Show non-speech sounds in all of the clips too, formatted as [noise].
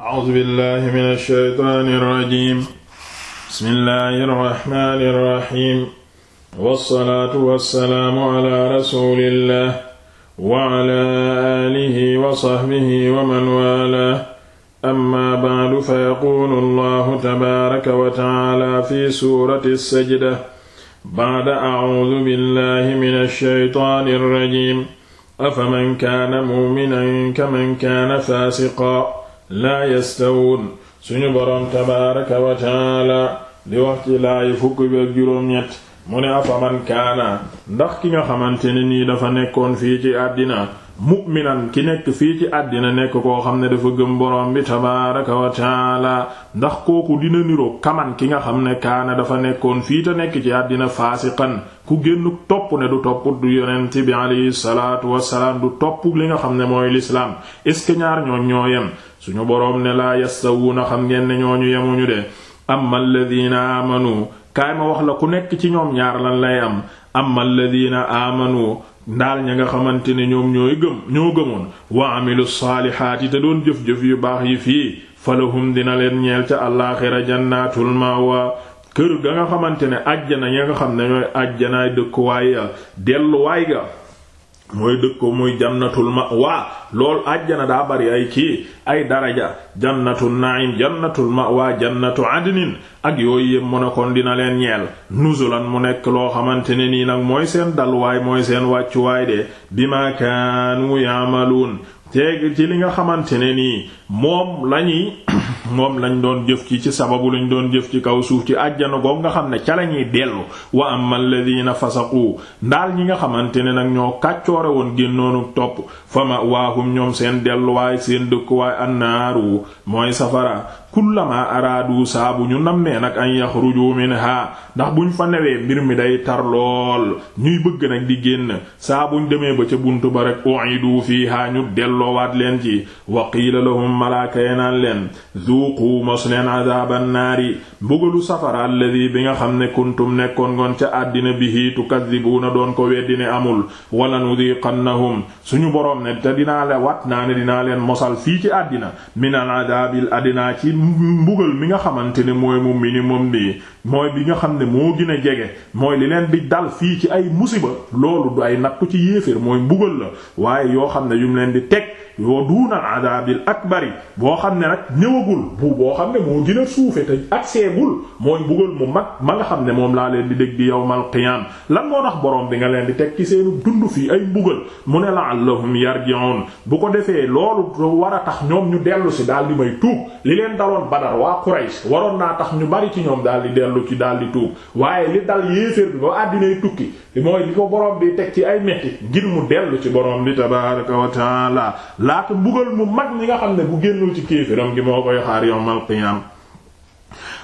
a'uuzu billahi mina shaytaani rajiim bismillahi rahmaani rahiim wassalaatu wassalaamu ala rasuulillah wa ala aalihi wa sahbihi wa man waalaahu amma ba'du fa yaquulu allahu tabaaraka wa ta'aala fi suurati sajda ba'da a'uuzu billahi mina shaytaani rajiim afaman kaana mu'minan kaman kaana faasiqan laa yastawun suñu boroom tabaaraka wa taala di wax ci fukki bi ak mu ne afaman kaana ndax ki nga xamante ni nii dafa nekkoon fii ci àddina mu'minan ki nekk fii ci àddina nekk koo xam ne dafa gëm borom bi tabaaraka wa taala ndax kooku dina niroo kaman ki nga xam ne kaana dafa nekkoon fii te nekk ci àddina faasiqan ku génn topp ne du topp du yonent bi alayhi salaatu wassalaam du topp li nga xam ne mooy lislaam est ce que ñaar ñoo ñoo yem suñu borom ne laa yastawuuna xam ngeen ne ñoo ñu yemuñu de amma alladina amanu kaay ma wax la ku nekk ci ñoom ñaar lan lay am amma alladina amanu ndaal ña nga xamante ne ñoom ñooy gëm ñoo gëmoon wa amilu saalihaati te doon jëf-jëf yu baax yi fii falahum dina leen ñeel ca àllaaxira ma mawa kër ga nga xamante ne àjjana ña nga xam ne ñooy àjjanaay dëkkuwaay ya delluwaay ga mooy dëkk ko muy ma waa lool àjjana daa bari ay kii ay daraja jannatul naim jannatul mawaa jannatu adnin ak yooyu yëpp mu ne kon dina leen ñeel nuzulan mu nekk loo xamante ne nii nag mooy seen dalwaay mooy seen wàccuwaay de bima kaanu yaamaluun teeg ci li nga xamante ne nii moom lañuy [clears throat] moom lañ doon jëf ci ci sababu lañu doon jëf ci kaw suuf ci àjjana goog nga xam ne ca lañuy dellu wa am amma alladina fasaqu ndaal ñi nga xamante ne nag ñoo kàccoore woon génnoonu topp fama ma ñoom seen delluwaay seen dëkkuwaay annaaru mooy safara kullama araadu saa bu ñu nammee nag an yaxruju minha ndax buñ fa newee mbir mi day tar lool ñuy bëgg nag di génn saa buñ demee ba ca buntu ba rek u'idu fiha ñu delloowaat leen ci wa qiila lahum malaaka ya naan leen zuuqu mos leen adaaban naari mbugalu safara alladi bi nga xam ne kuntum nekkoon ngoon ca àddina bihi tukaddibuuna doon ko weddi ne amul wala nudiqannahum suñu boroom ne te dinaa la wat naa ne dinaa leen mosal fii ci àddina mbugal mi nga xamante ne mooy mu minimum bi mooy bi nga xam ne moo gën a jege mooy li leen di dal fii ci ay musiba loolu du ay nakku ci yéeféer mooy mbugal la waaye yoo xam ne yum leen di teg yoo duunal adabil akbari boo xam ne nag ñëwagul bu boo xam ne moo gën a suufe te agseegul mooy mbugal mu mag ma nga xam ne moom laa leen di dégg di yawmal qiyaam lan moo tax borom bi nga leen di teg ci seenu dund fii ay mbugal mu ne la la'allahum yarji'un bu ko defee loolu war a tax ñoom ñu dellu si daal di may tuub li leen daloon Badar waa Quraysh waroon naa tax ñu bari ci ñoom daal di dellu ci daal di tuub waaye li dal yéeféer bi ba àddinay tukki mooy li bi teg ci ay metti ngir mu dellu ci borom bi tabaaraka wa laata mbugal mu mag ñi nga xam ne bu génnul ci kéeféram gi moo koy xaar yawmal qiyaam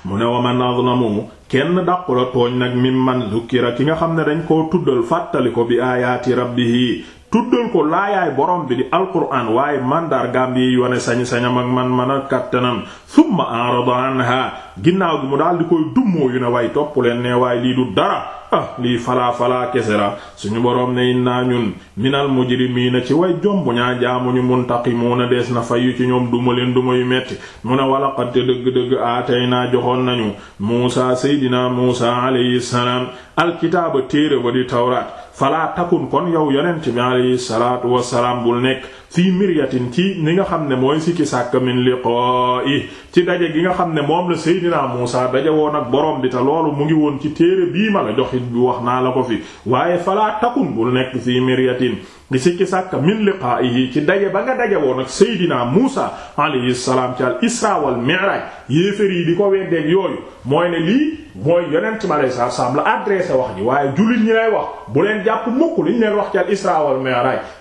mu ne wa ma azlamu kenn dàqula tooñ nag du zukkira ki nga xam ne dañ koo tuddal fàttali ko bi aayaati rabbihi tuddal ko laayaay borom bi di alquran waaye mandargaam yi yone sañ-sañam ak man man a kàttanam summa arada anha ginnaaw gi mu daldi di koy dummoo ne way topp leen ne waaye lii du dara ah lii falaa falaa kese la suñu boroom ne innaa ñun minal mujrimiina ci way jomb ñaa jaamuñu muntaqimuuna dees na fayyu ci ñoom duma leen duma yu metti mu ne walaqad dëgg-dëgg aatay naa joxoon nañu Muusaa seydinaa Muusaa alayhi salaam alkitaaba téere ba di tawraat falaa takun kon yow yonent bi alayhi salaatu salaam bul nekk fii miryatin ci ni nga xam ne mooy sikki sàkk min liqaa'i ci daje gi nga xam ne moom la Seydina Muusa daje woon ak borom bi te loolu mu ngi woon ci téere bii ma la wax naa la ko fi waaye falaa takun bul nekk fii miryatin di sikki sàkk min liqaa'ihi ci daje ba nga daje woon ak Seydina Muusa alayhi salaam ci al isra wal mi'raj yi di ko weddeeg yooyu mooy ne lii mooy yeneen mi alayhi saam salaam la adressé wax ji waaye jullit ñi lay wax bu leen jàpp mukk liñ leen wax ci al isra wal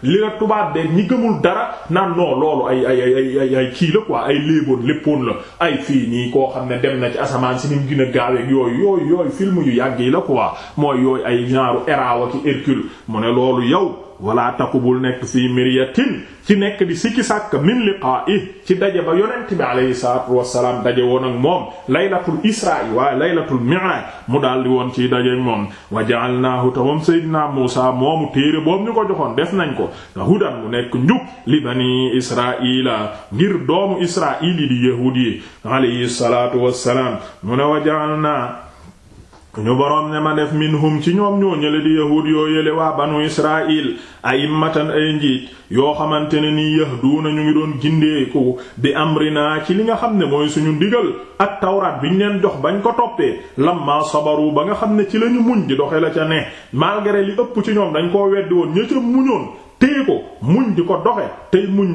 li la tubaab de ñi gëmul dara naan non loolu ay ay ay ay ay kii la quoi ay léeboon léppoon la ay fii nii koo xam ne dem na ci asamaan si ni mu gën a gaaweeg yooyu yooyu film yu yàgg yi la quoi mooy yooyu ay genre Héra ci Hercule mu ne loolu yow. wala taku bul nekk fii miryatin ci nekk di sikki sàkk min liqaa'i ci daje ba yonent bi alayhi salaatu wassalaam daje woon ak moom laylatul isra'i waaye laylatul mi'raj mu daal di woon ciy daje moom wa ja'alnaahu ta moom sayyidina Muusa moomu téere boobu ñu ko joxoon def nañ ko te hudan mu nekk njub li bani israila ngir doomu israil yi di yahuud yi salaatu wassalaam mu ne wa ja'alnaa ñu boroom ne ma def minhum ci ñoom ñoo ñële di yahuud yoo yële waa banu israil ayimmatan ay njiit yoo xamante ne nii yahduuna ñu ngi doon gindeeku bi amrina ci li nga xam ne mooy suñu ndigal ak tawraat bi ñu leen jox bañ ko toppee lamma sabaru ba nga xam ne ci lañu muñ di doxe la ca ne malgré li ëpp ci ñoom dañ koo weddi woon ña ca muñoon téye ko muñ di ko doxe tey muñ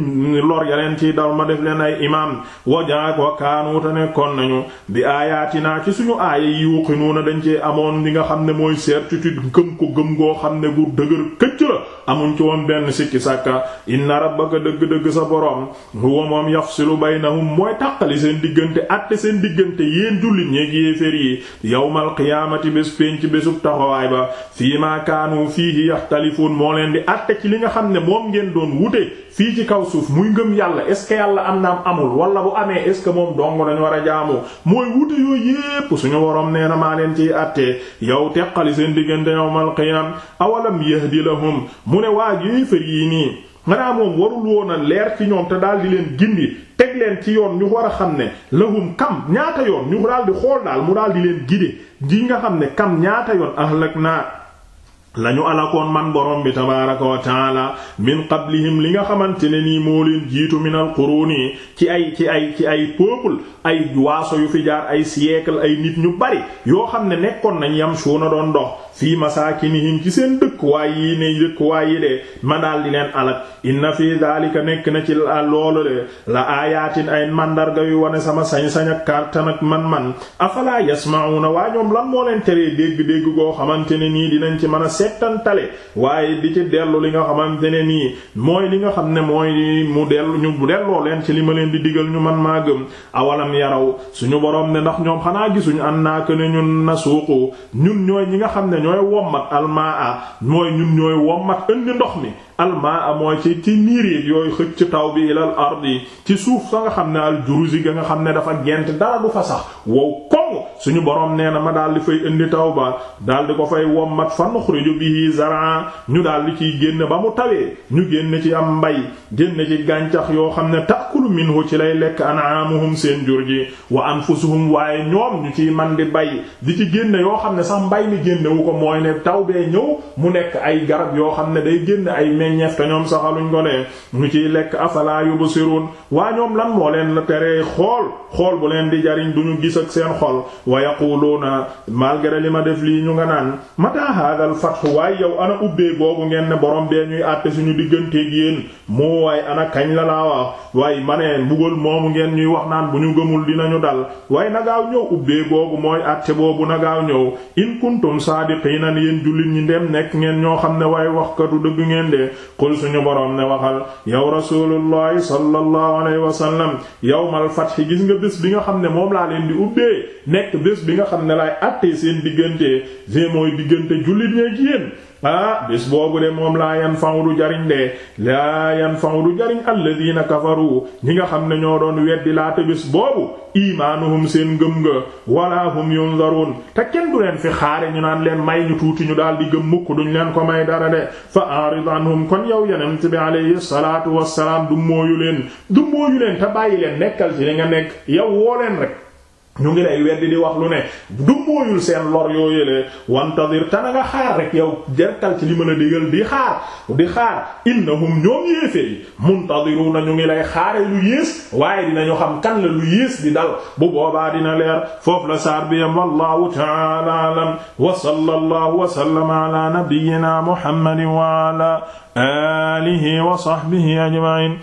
lor ya leen ciy dal ma def leen ay imaam wajaak wa kaanu te nekkoon nañu bi naa ci suñu aaya yi na dañ cee amoon li nga xam ne mooy certitude gëm ko gëm goo xam ne gu dëgër këcc la amuñ ci woon benn sikki sàkka inna rabbaka dëgg-dëgg sa boroom huwa moom yafsilu baynahum mooy tàqali seen diggante àtte seen diggante yéen jullit ñeegi yéefér yi yawmal qiyaamati bés pénc bésub taxawaay ba fii ma kaanu xam ne moom ngeen doon wute fii ci kaw suuf muy ngëm yàlla est ce que yàlla am na amul wala bu amee est ce que moom dong lañu war a jaamu mooy wute yooyu yépp suñu woroom nee na maa leen ciy àttee yow teqali seen diggante yawmal qiyam awalam yahdi lahum mu ne waa yéefar yi nii maanaam moom warul woon a leer ci ñoom te daal di leen gindi teg leen ci yoon ñu war a xam ne lahum kam ñaata yoon ñu daal di xool daal mu daal di leen gide ji nga xam ne kam ñaata yoon ahlak naa lañu alakoon man borom bi tabaaraka wa taala min qablihim li nga xamante ne nii moo leen jiitu minal quruuni ci ay ci ay ci ay peuple ay waaso yu fi jaar ay siècle ay nit ñu bari yoo xam ne nekkoon nañ yam suuna doon dox fii masaakinihim ci seen dëkkuwaay yi ne dëkkuwaay yi de ma daal di leen alak inna fii daalika nekk na ci loolu de la aayaatin ay mandarga yu wane sama sañ-sañ ak kàttan ak man-man afalaa na waa ñoom lan moo leen teree dégg-dégg goo xamante ne nii dinañ ci mën a settantale waaye di ci dellu li nga xamante ne nii mooy li nga xam ne mooy mu dellu ñu delloo leen ci li ma leen di digal ñu man maa gëm awalam yaraw suñu borom ne ndax ñoom xanaa gisuñu ñooy wommat almaa mooy ñun ñooy wommat indi ndox mi almaa mooy ci ci niir yi yooyu xëcc taw bi ilal ardi ci suuf sa nga xam ne al juruzi ga nga xam ne dafa gent dara du fa sax wow koŋ suñu borom nee na ma daal di fay indi taw ba daal di ko fay wommat fa nuxriju bihi zaran ñu daal di ciy génn ba mu tawee ñu génn ci am mbay génn ci gàncax yoo xam ne takulu minhu ci lay lekk an'amuhum seen jur ji wa anfusuhum waaye ñoom ñu ciy man di bay di ci génn yoo xam ne sax mbay mi génnewu ko mooy ne taw bee ñëw mu nekk ay garab yoo xam ne day génn ay ñuy ñef te ñoom saxaluñ ko ne ñu ciy lekk afala yubsirun waa ñoom lan moo leen teree xool xool bu leen di jariñ duñu gis ak seen xol wa yaquluuna malgré li ma def lii ñu nga naan mata hadal fathu waaye yow ana ubbee boobu ngeen ne borom bee ñuy àtte suñu digganteeg yéen moo waaye ana kañ la laa wax waaye ma ne mbugal moomu ngeen ñuy wax naan bu ñu gëmul dinañu dal waaye nagaaw ñëw ubbee boobu mooy àtte boobu nagaaw ñëw in kuntum saadiqiina yéen qul suñu boroom ne waxal yow rasulullahi sallallahu alayhi wa sallam yawmal fath gis nga bés bi nga xam ne moom laa leen di ubbee nekk bés bi nga xam ne laay àttee seen diggante mooy diggante jullit ñeek yéen ah bés boobu de moom laa yan fangu du jariñ de laa yan fangu du jariñ alladina kafaru ñi nga xam ne ñoo doon weddi laata bés boobu imaanuhum seen ngëm nga wala hum yunzarun te kenn du leen fi xaare ñu naan leen may ñu tuuti ñu daal di gëm mukk duñ leen ko may dara de fa arid anhum kon yow yonent bi alayhi salaatu wassalaam du mooyu leen du mooyu leen te bàyyi leen nekkal ci li nga nekk yow woo leen rek ñu ngi lay weddi di wax lu ne du mooyul seen lor yoo yëlee wantadir te na nga yow jertal ci li mën a digal di xaar di xaar innahum ñoom yéefee yi muntadiruna ñu ngi lay xaare lu yées waaye dinañu xam kan la lu yées di dal bu boobaa dina leer foofu la saar bi yam wallahu ta'ala alam wa sallallahu wa sallama ala nabiyyina muhammadin wa ala alihi wa sahbihi ajma'in